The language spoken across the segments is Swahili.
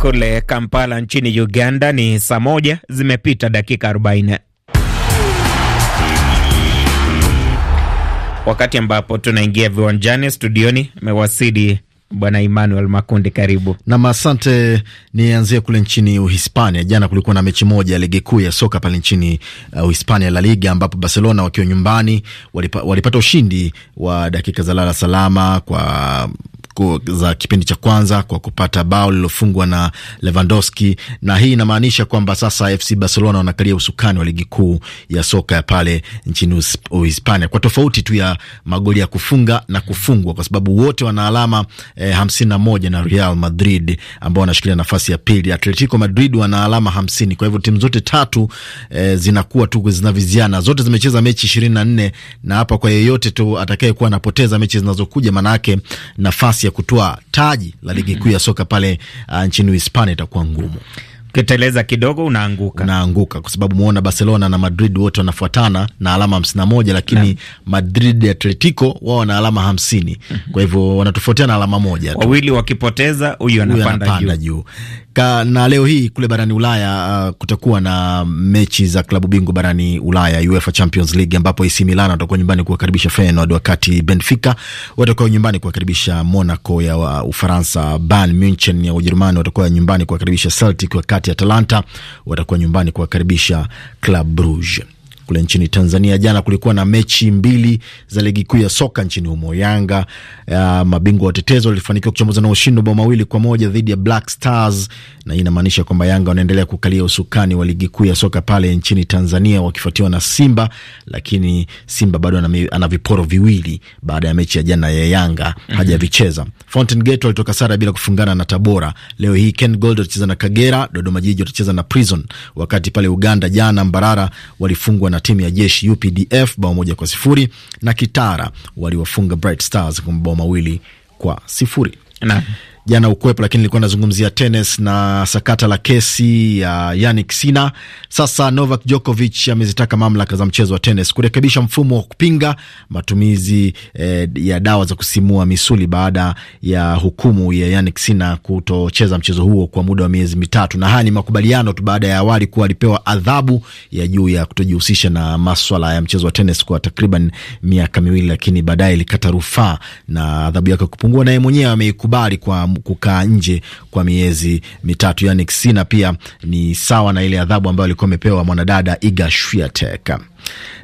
kule Kampala nchini Uganda ni saa moja zimepita dakika 40, wakati ambapo tunaingia viwanjani. Studioni amewasili Bwana Emmanuel Makundi, karibu nam. Asante. Nianzie kule nchini Uhispania. Jana kulikuwa na mechi moja ya ligi kuu ya soka pale nchini uh, Uhispania, La Liga, ambapo Barcelona wakiwa nyumbani walipa, walipata ushindi wa dakika za lala salama kwa za kipindi cha kwanza kwa kupata bao lililofungwa na Lewandowski, na hii inamaanisha kwamba sasa FC Barcelona wanakalia usukani wa ligi kuu ya soka ya pale nchini Uhispania kwa tofauti tu ya magoli ya kufunga na kufungwa, kwa sababu wote wana alama eh, hamsini na moja na Real Madrid ambao wanashikilia nafasi ya pili. Atletico Madrid wana alama hamsini. Kwa hivyo timu zote tatu eh, zinakuwa tu zinaviziana, zote zimecheza mechi ishirini na nne na hapa kwa yeyote tu atakayekuwa anapoteza mechi zinazokuja, maanayake nafasi nafasi ya kutoa taji la ligi kuu ya soka pale uh, nchini Hispania itakuwa ngumu ukiteleza kidogo unaanguka, unaanguka kwa sababu muona Barcelona na Madrid wote wanafuatana na alama hamsini na moja lakini na Madrid ya Atletico wao wana alama hamsini mhm. kwa hivyo wanatofautiana na alama moja tu, wawili wakipoteza huyu anapanda juu. Ka, Na leo hii kule barani Ulaya uh, kutakuwa na mechi za klabu bingwa barani Ulaya UEFA Champions League ambapo AC Milan watakuwa nyumbani kuwakaribisha Feyenoord, wakati Benfica watakuwa nyumbani kuwakaribisha Monaco ya uh, Ufaransa. Bayern Munich ya Ujerumani watakuwa nyumbani kuwakaribisha Celtic, wakati ya Atalanta watakuwa nyumbani kuwakaribisha Club Brugge kule nchini Tanzania. Jana kulikuwa na mechi mbili za ligi kuu ya soka nchini humo. Yanga ya mabingwa watetezi walifanikiwa kuchomoza na ushindi bao mawili kwa moja dhidi ya Black Stars, na hii inamaanisha kwamba Yanga wanaendelea kukalia usukani wa ligi kuu ya soka pale nchini Tanzania, wakifuatiwa na Simba, lakini Simba bado ana viporo viwili baada ya mechi ya jana ya Yanga mhm. hajavicheza. Fountain Gate walitoka sare bila kufungana na Tabora. Leo hii Ken Gold watacheza na Kagera, Dodoma Jiji watacheza na Prison, wakati pale Uganda jana Mbarara walifungwa na timu ya jeshi UPDF bao moja kwa sifuri na Kitara waliwafunga Bright Stars kwa mabao mawili kwa sifuri na jana ukwepo, lakini nilikuwa nazungumzia tenis na sakata la kesi ya Yannick Sinner. Sasa Novak Djokovic amezitaka mamlaka za mchezo wa tenis kurekebisha mfumo wa kupinga matumizi eh, ya dawa za kusimua misuli baada ya hukumu ya Yannick Sinner kutocheza mchezo huo kwa muda wa miezi mitatu, na haya ni makubaliano tu baada ya awali kuwa alipewa adhabu ya juu ya kutojihusisha na maswala ya mchezo wa tenis kwa takriban miaka miwili, lakini baadaye ilikata rufaa na adhabu yake kupungua, naye mwenyewe ameikubali kwa kukaa nje kwa miezi mitatu, yani kisina pia ni sawa na ile adhabu ambayo alikuwa amepewa mwanadada Iga Swiatek.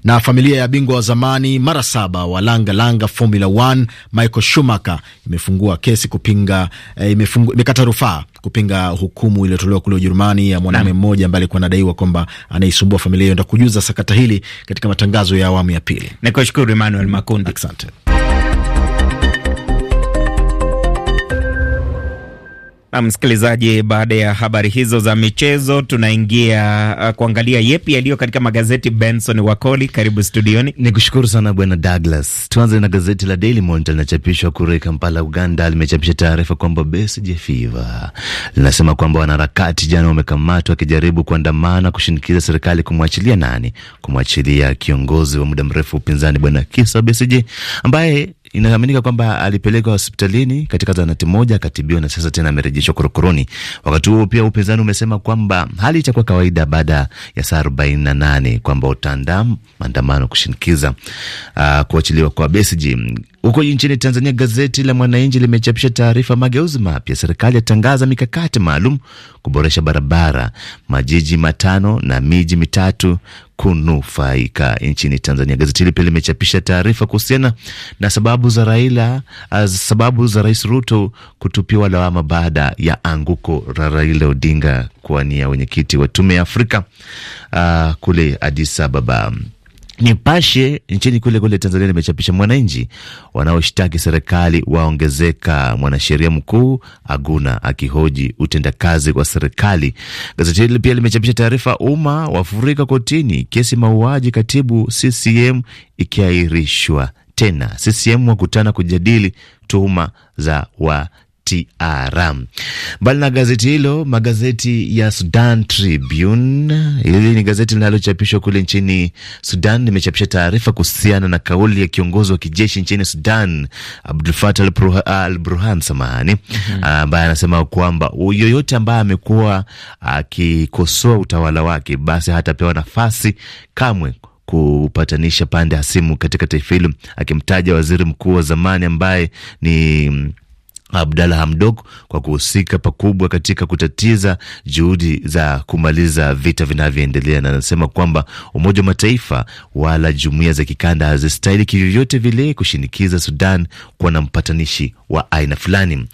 Na familia ya bingwa wa zamani mara saba wa langa langa Formula 1 Michael Schumacher imefungua kesi kupinga eh, imefungua, imekata rufaa kupinga hukumu iliyotolewa kule Ujerumani ya mwanaume mmoja ambaye alikuwa anadaiwa kwamba anaisumbua familia hiyo. Ndakujuza sakata hili katika matangazo ya awamu ya pili. Nikushukuru Emmanuel Makundi, asante. Na msikilizaji, baada ya habari hizo za michezo, tunaingia uh, kuangalia yepi yaliyo katika magazeti. Benson Wakoli, karibu studioni. Ni kushukuru sana bwana Douglas. Tuanze na gazeti la Daily Monitor linachapishwa kule Kampala, Uganda. Limechapisha taarifa kwamba Besigye fever, linasema kwamba wanaharakati jana wamekamatwa wakijaribu kuandamana kushinikiza serikali kumwachilia nani, kumwachilia kiongozi wa muda mrefu upinzani bwana Kizza Besigye ambaye Inaaminika kwamba alipelekwa hospitalini katika zahanati moja akatibiwa na sasa tena amerejeshwa korokoroni. Wakati huo pia upinzani umesema kwamba hali itakuwa kawaida baada ya saa na nane kwamba utaandaa maandamano kushinikiza uh, kuachiliwa kwa Besigye. Huko nchini Tanzania, gazeti la Mwananchi limechapisha taarifa mageuzi mapya, serikali yatangaza mikakati maalum kuboresha barabara, majiji matano na miji mitatu kunufaika nchini Tanzania. Gazeti hili pia limechapisha taarifa kuhusiana na sababu za Raila, sababu za Rais Ruto kutupiwa lawama baada ya anguko la Raila Odinga kuwania wenyekiti wa tume ya Afrika uh, kule Addis Ababa. Nipashe nchini kule kule Tanzania limechapisha Mwananchi, wanaoshtaki serikali waongezeka, mwanasheria mkuu Aguna akihoji utendakazi kwa serikali. Gazeti hili pia limechapisha taarifa, umma wafurika kotini, kesi mauaji katibu CCM ikiahirishwa tena. CCM wakutana kujadili tuhuma za wa TR. Mbali na gazeti hilo, magazeti ya Sudan Tribune, hili ni gazeti linalochapishwa kule nchini Sudan, limechapisha taarifa kuhusiana na kauli ya kiongozi wa kijeshi nchini Sudan Abdul Fattah al-Burhan, samahani, mhm. ah, ambaye anasema kwamba yoyote ambaye amekuwa akikosoa utawala wake basi hatapewa nafasi kamwe kupatanisha pande hasimu katika taifa hilo, akimtaja waziri mkuu wa zamani ambaye ni Abdalla Hamdok kwa kuhusika pakubwa katika kutatiza juhudi za kumaliza vita vinavyoendelea, na anasema kwamba Umoja wa Mataifa wala jumuiya za kikanda hazistahili kivyovyote vile kushinikiza Sudan kuwa na mpatanishi wa aina fulani.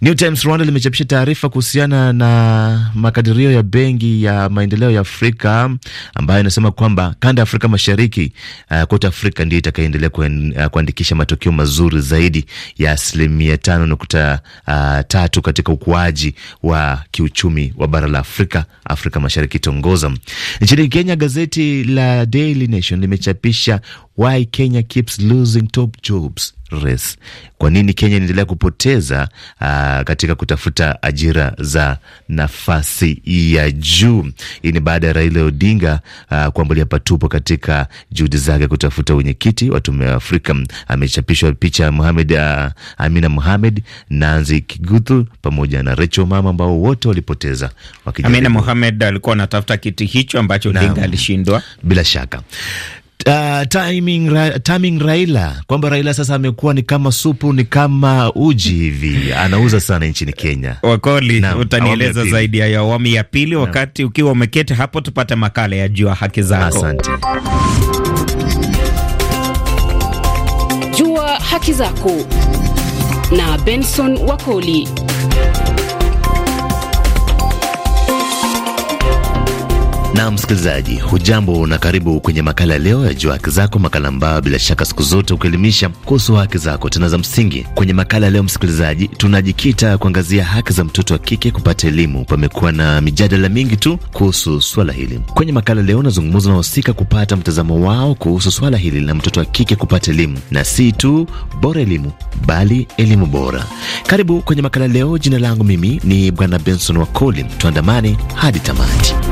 New Times Rwanda limechapisha taarifa kuhusiana na makadirio ya Benki ya Maendeleo ya Afrika ambayo inasema kwamba kanda ya Afrika Mashariki uh, kote Afrika ndio itakaendelea eh, kuandikisha matokeo mazuri zaidi ya asilimia tano nukta uh, tatu katika ukuaji wa kiuchumi wa bara la Afrika, Afrika Mashariki tongoza. Nchini Kenya, gazeti la Daily Nation limechapisha Why Kenya keeps losing top jobs race. Kwa nini Kenya inaendelea kupoteza uh, katika kutafuta ajira za nafasi ya juu? Hii ni baada ya Raila Odinga ah, kuambulia patupo katika juhudi zake kutafuta wenyekiti wa tume ya Afrika. Amechapishwa picha ya uh, Amina muhamed nanzi Kigutu pamoja na Rachel Mama ambao wote walipoteza. Amina Muhamed alikuwa anatafuta kiti hicho ambacho Odinga alishindwa bila shaka. Uh, timing, ra, timing Raila kwamba Raila sasa amekuwa ni kama supu ni kama uji hivi anauza sana nchini Kenya. Wakoli, utanieleza zaidi ya awamu ya pili na. Wakati ukiwa umeketi hapo, tupate makala ya Jua Haki Zako. Asante. Jua Haki Zako na Benson Wakoli. Na msikilizaji, hujambo na karibu kwenye makala leo ya Jua Haki Zako, makala ambayo bila shaka siku zote hukuelimisha kuhusu haki zako tena za msingi. Kwenye makala leo, msikilizaji, tunajikita kuangazia haki za mtoto wa kike kupata elimu. Pamekuwa na mijadala mingi tu kuhusu swala hili. Kwenye makala leo, nazungumza na wahusika kupata mtazamo wao kuhusu swala hili la mtoto wa kike kupata elimu, na si tu bora elimu, bali elimu bora. Karibu kwenye makala leo. Jina langu mimi ni Bwana Benson Wakoli, tuandamani hadi tamati.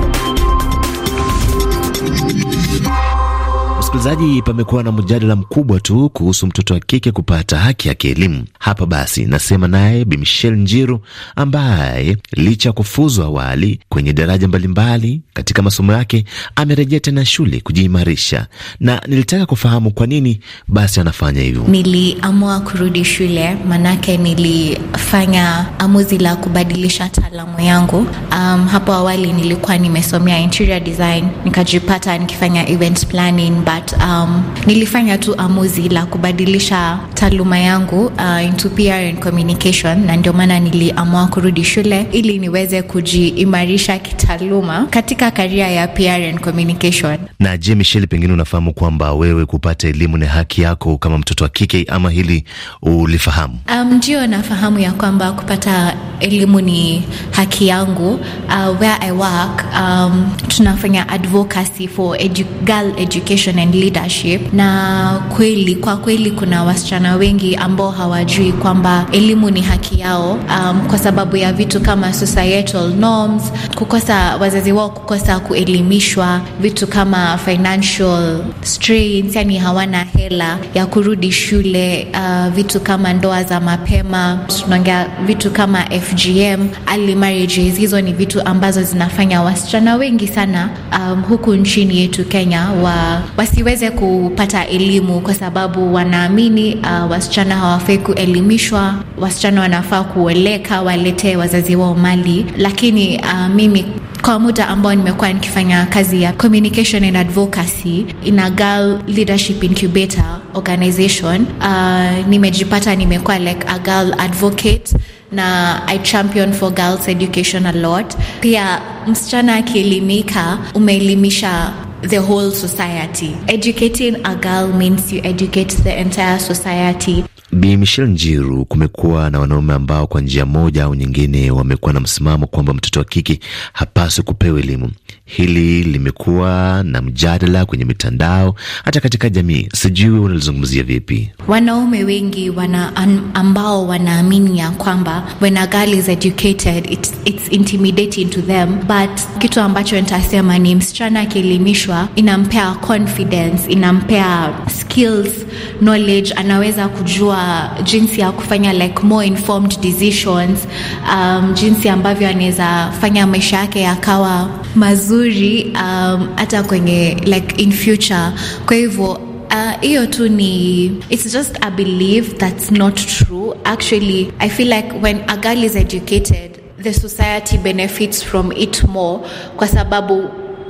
Msikilizaji, pamekuwa na mjadala mkubwa tu kuhusu mtoto wa kike kupata haki ya kielimu. Hapa basi nasema naye Bi Michelle Njiru, ambaye licha ya kufuzu awali kwenye daraja mbalimbali katika masomo yake amerejea tena shule kujiimarisha, na nilitaka kufahamu kwa nini basi anafanya hivyo. Niliamua kurudi shule manake nilifanya amuzi la kubadilisha taalamu yangu. Um, hapo awali nilikuwa nimesomea interior design, nikajipata nikifanya event planning but that um, nilifanya tu amuzi la kubadilisha taaluma yangu uh, into PR and communication, na ndio maana niliamua kurudi shule ili niweze kujiimarisha kitaaluma katika karia ya PR and communication. Na je, Michelle, pengine unafahamu kwamba wewe kupata elimu ni haki yako kama mtoto wa kike, ama hili ulifahamu? Um, ndio, nafahamu ya kwamba kupata elimu ni haki yangu. Uh, where I work, um, tunafanya advocacy for edu girl education and leadership, na kweli kwa kweli kuna wasichana wengi ambao hawajui kwamba elimu ni haki yao, um, kwa sababu ya vitu kama societal norms, kukosa wazazi wao kukosa kuelimishwa, vitu kama financial strains, yani hawana hela ya kurudi shule, uh, vitu kama ndoa za mapema, tunaongea vitu kama FGM, early marriages. Hizo ni vitu ambazo zinafanya wasichana wengi sana, um, huku nchini yetu Kenya wa, wasi wasiweze kupata elimu kwa sababu wanaamini uh, wasichana hawafai kuelimishwa. Wasichana wanafaa kuoleka, waletee wazazi wao mali. Lakini uh, mimi kwa muda ambao nimekuwa nikifanya kazi ya communication and advocacy ina Girl Leadership Incubator Organization, uh, nimejipata nimekuwa like a girl advocate na I champion for girls education a lot. Pia msichana akielimika, umeelimisha the whole society. Educating a girl means you educate the entire society. Bi Michelle Njiru, kumekuwa na wanaume ambao kwa njia moja au nyingine wamekuwa na msimamo kwamba mtoto wa kike hapaswi kupewa elimu. Hili limekuwa na mjadala kwenye mitandao, hata katika jamii. Sijui unalizungumzia vipi? Wanaume wengi wana, an, ambao wanaamini ya kwamba when a girl is educated it's, it's intimidating to them, but kitu ambacho nitasema ni msichana akielimishwa inampea confidence, inampea skills, knowledge, anaweza kujua jinsi ya kufanya like more informed decisions, um, jinsi ambavyo anaweza fanya maisha yake yakawa mazuri um, hata kwenye like in future. Kwa hivyo uh, hiyo uh, tu ni it's just a belief that's not true actually. I feel like when a girl is educated the society benefits from it more kwa sababu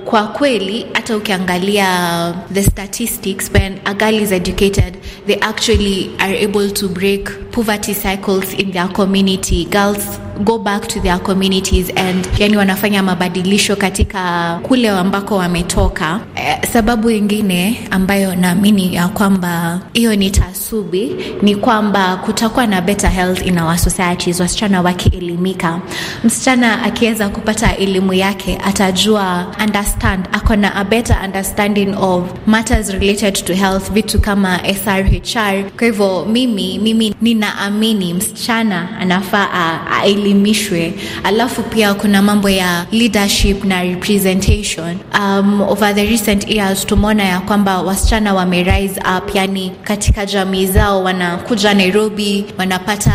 kwa kweli hata ukiangalia the statistics when a girl is educated they actually are able to break poverty cycles in their community girls go back to their communities and yani wanafanya mabadilisho katika kule ambako wametoka. Eh, sababu ingine ambayo naamini ya kwamba hiyo ni tasubi ni kwamba kutakuwa na better health in our societies, wasichana wakielimika. Msichana akiweza kupata elimu yake atajua understand, ako na a better understanding of matters related to health, vitu kama SRHR. Kwa hivyo mimi mimi ninaamini msichana anafaa a, a waelimishwe. Alafu pia kuna mambo ya leadership na representation. Um, over the recent years tumeona ya kwamba wasichana wame rise up, yani katika jamii zao wanakuja Nairobi wanapata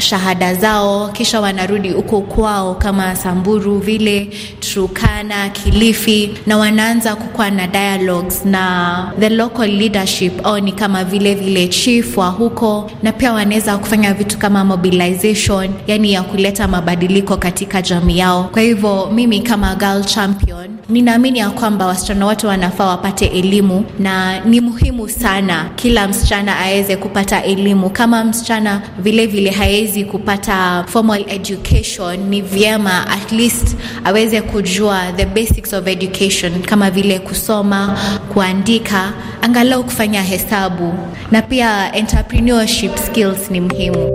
shahada zao kisha wanarudi huko kwao kama Samburu vile, Turkana, Kilifi na wanaanza kukuwa na dialogues na the local leadership au ni kama vile vile chief wa huko, na pia wanaweza kufanya vitu kama mobilization, yani ya ku kuleta mabadiliko katika jamii yao. Kwa hivyo mimi kama girl champion ninaamini ya kwamba wasichana wote wanafaa wapate elimu, na ni muhimu sana kila msichana aweze kupata elimu. Kama msichana vilevile hawezi kupata formal education, ni vyema at least aweze kujua the basics of education, kama vile kusoma, kuandika, angalau kufanya hesabu, na pia entrepreneurship skills ni muhimu.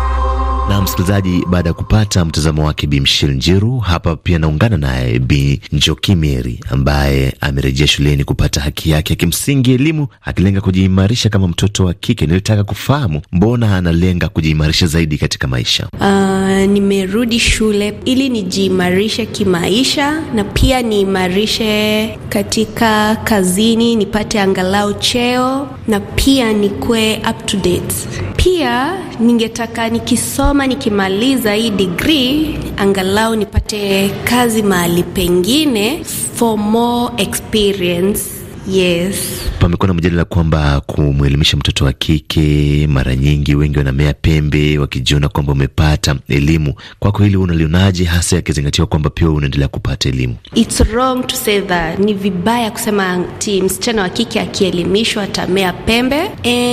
Na msikilizaji, baada ya kupata mtazamo wake Bimshil Njiru, hapa pia naungana naye Bi Njoki Meri ambaye amerejea shuleni kupata haki yake ya kimsingi elimu, akilenga kujiimarisha kama mtoto wa kike. Nilitaka kufahamu mbona analenga kujiimarisha zaidi katika maisha. Uh, nimerudi shule ili nijiimarishe kimaisha na pia niimarishe katika kazini, nipate angalau cheo na pia nikwe up to date. Pia ningetaka nikisoma kama nikimaliza hii degree angalau nipate kazi mahali pengine for more experience. Yes. Pamekuwa na mjadala kwamba kumwelimisha mtoto wa kike, mara nyingi wengi wanamea pembe wakijiona kwamba umepata elimu. Kwako hili unalionaje, hasa yakizingatiwa kwamba pia unaendelea kupata elimu? It's wrong to say that, ni vibaya kusema ti msichana wa kike akielimishwa atamea pembe.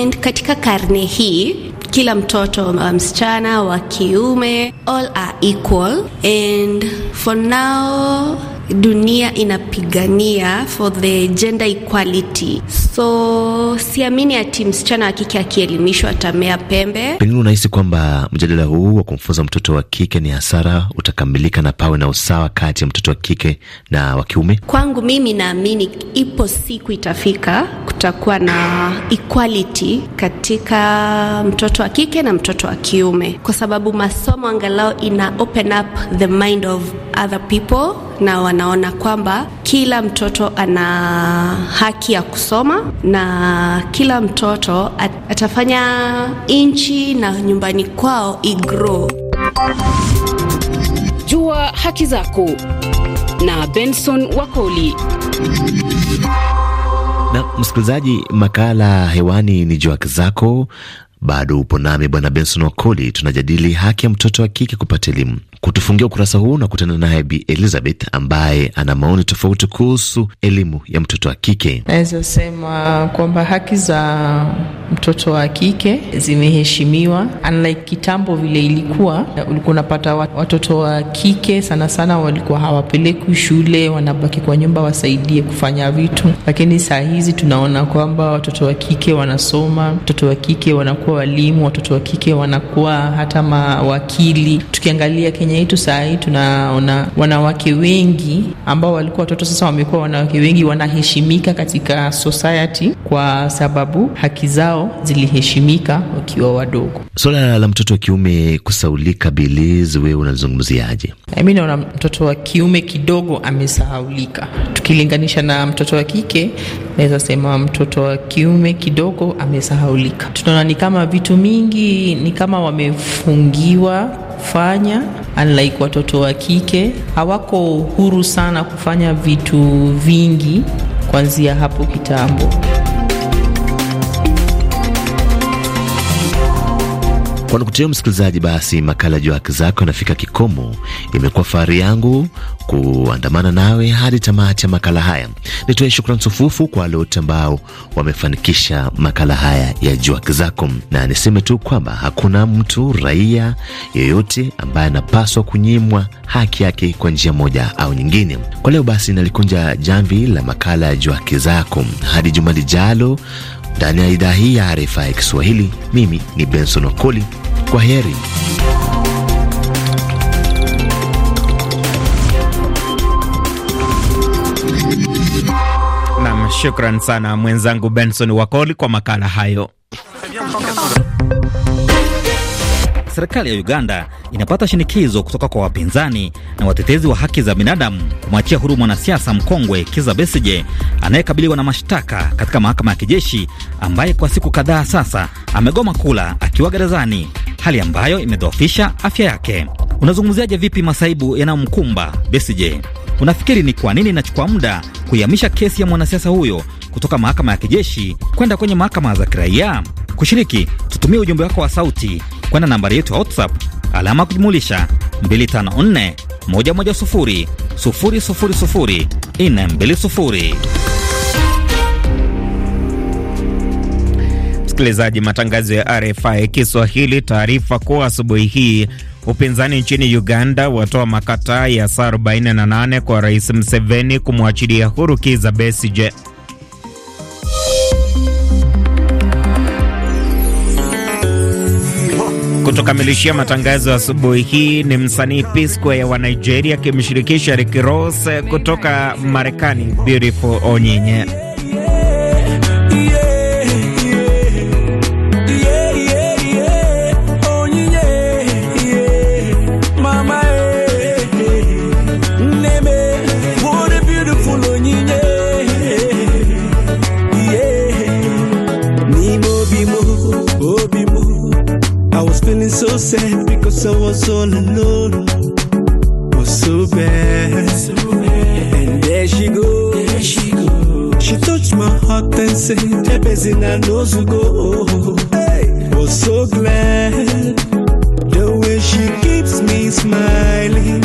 And katika karne hii kila mtoto wa msichana wa kiume, all are equal and for now dunia inapigania for the gender equality, so siamini ati msichana wa kike akielimishwa atamea pembe. Pengine unahisi kwamba mjadala huu wa kumfunza mtoto wa kike ni hasara utakamilika na pawe na usawa kati ya mtoto wa kike na wa kiume? Kwangu mimi, naamini ipo siku itafika, kutakuwa na equality katika mtoto wa kike na mtoto wa kiume, kwa sababu masomo angalau ina open up the mind of other people na wanaona kwamba kila mtoto ana haki ya kusoma na kila mtoto atafanya nchi na nyumbani kwao igro. Jua haki zako na Benson Wakoli. Na msikilizaji, makala hewani ni Jua Haki Zako, bado upo nami Bwana Benson Wakoli, tunajadili haki ya mtoto wa kike kupata elimu. Kutufungia ukurasa huu na kutana naye Bi Elizabeth ambaye ana maoni tofauti kuhusu elimu ya mtoto wa kike. Naweza sema kwamba haki za mtoto wa kike zimeheshimiwa, unlike kitambo vile ilikuwa. Ulikuwa unapata watoto wa kike sana sana walikuwa hawapelekwi shule, wanabaki kwa nyumba wasaidie kufanya vitu, lakini saa hizi tunaona kwamba watoto wa kike wanasoma, mtoto wa kike wanaku wanakuwa walimu, watoto wa kike wanakuwa hata mawakili. Tukiangalia Kenya yetu saa hii tunaona wanawake wengi ambao walikuwa watoto, sasa wamekuwa wanawake wengi, wanaheshimika katika society kwa sababu haki zao ziliheshimika wakiwa wadogo. Swala la mtoto wa kiume kusaulika, Biliz, wewe unazungumziaje? Mi naona mtoto wa kiume kidogo amesahaulika tukilinganisha na mtoto wa kike. Naweza sema mtoto wa kiume kidogo amesahaulika, tunaona ni kama kama vitu mingi ni kama wamefungiwa kufanya, unlike watoto wa kike hawako huru sana kufanya vitu vingi kuanzia hapo kitambo. Kwa nukta msikilizaji, basi makala juu ya haki zako yanafika kikomo. Imekuwa fahari yangu kuandamana nawe hadi tamati ya makala haya. Nitoe shukrani sufufu kwa wale wote ambao wamefanikisha makala haya ya juu haki zako, na niseme tu kwamba hakuna mtu raia yeyote ambaye anapaswa kunyimwa haki yake kwa njia moja au nyingine. Kwa leo basi nalikunja jamvi la makala ya juu haki zako hadi juma lijalo ndani ya idhaa hii ya arifa ya Kiswahili. Mimi ni Benson Wakoli, kwa heri. Nam, shukran sana mwenzangu Benson Wakoli kwa makala hayo serikali ya Uganda inapata shinikizo kutoka kwa wapinzani na watetezi wa haki za binadamu kumwachia huru mwanasiasa mkongwe Kiza Besije anayekabiliwa na mashtaka katika mahakama ya kijeshi, ambaye kwa siku kadhaa sasa amegoma kula akiwa gerezani, hali ambayo imedhoofisha afya yake. Unazungumziaje vipi masaibu yanayomkumba Besije? Unafikiri ni kwa nini inachukua muda kuihamisha kesi ya mwanasiasa huyo kutoka mahakama ya kijeshi kwenda kwenye mahakama za kiraia? Kushiriki, tutumie ujumbe wako wa sauti kwenda nambari yetu ya WhatsApp alama kujumulisha 254 110 mbili sufuri. Msikilizaji, matangazo ya RFI Kiswahili, taarifa kwa asubuhi hii Upinzani nchini Uganda watoa makataa ya saa 48 kwa Rais mseveni kumwachilia huru Kizza Besigye. Kutukamilishia matangazo asubuhi hii ni msanii P-Square wa Nigeria akimshirikisha Rick Ross kutoka Marekani, Beautiful Onyinye. feeling so sad because I was all alone. Was so bad. So bad. And there she go. There she go. She touched my heart and said, "That in I know to go." Hey. Was so glad the way she keeps me smiling.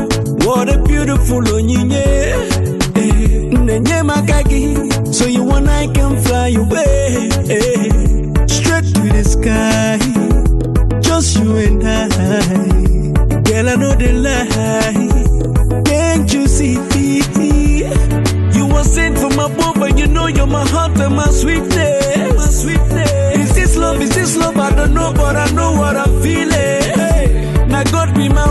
beautiful onyinye eh, nnenyemaka gị so you want I can fly away eh. straight to the sky just you and I girl I know the lie can't you see you were sent from above and you know you're my heart and my sweetness my sweetness is this love is this love I don't know but I know what I'm feeling now God be my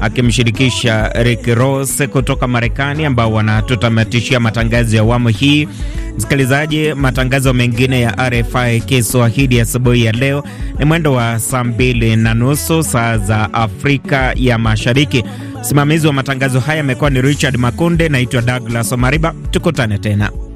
akimshirikisha Rick Ross kutoka Marekani, ambao wanatutamatishia matangazo ya awamu hii. Msikilizaji, matangazo mengine ya RFI Kiswahili asubuhi ya, ya leo ni mwendo wa saa mbili na nusu saa za Afrika ya Mashariki. Msimamizi wa matangazo haya amekuwa ni Richard Makunde. Naitwa Douglas Omariba, tukutane tena.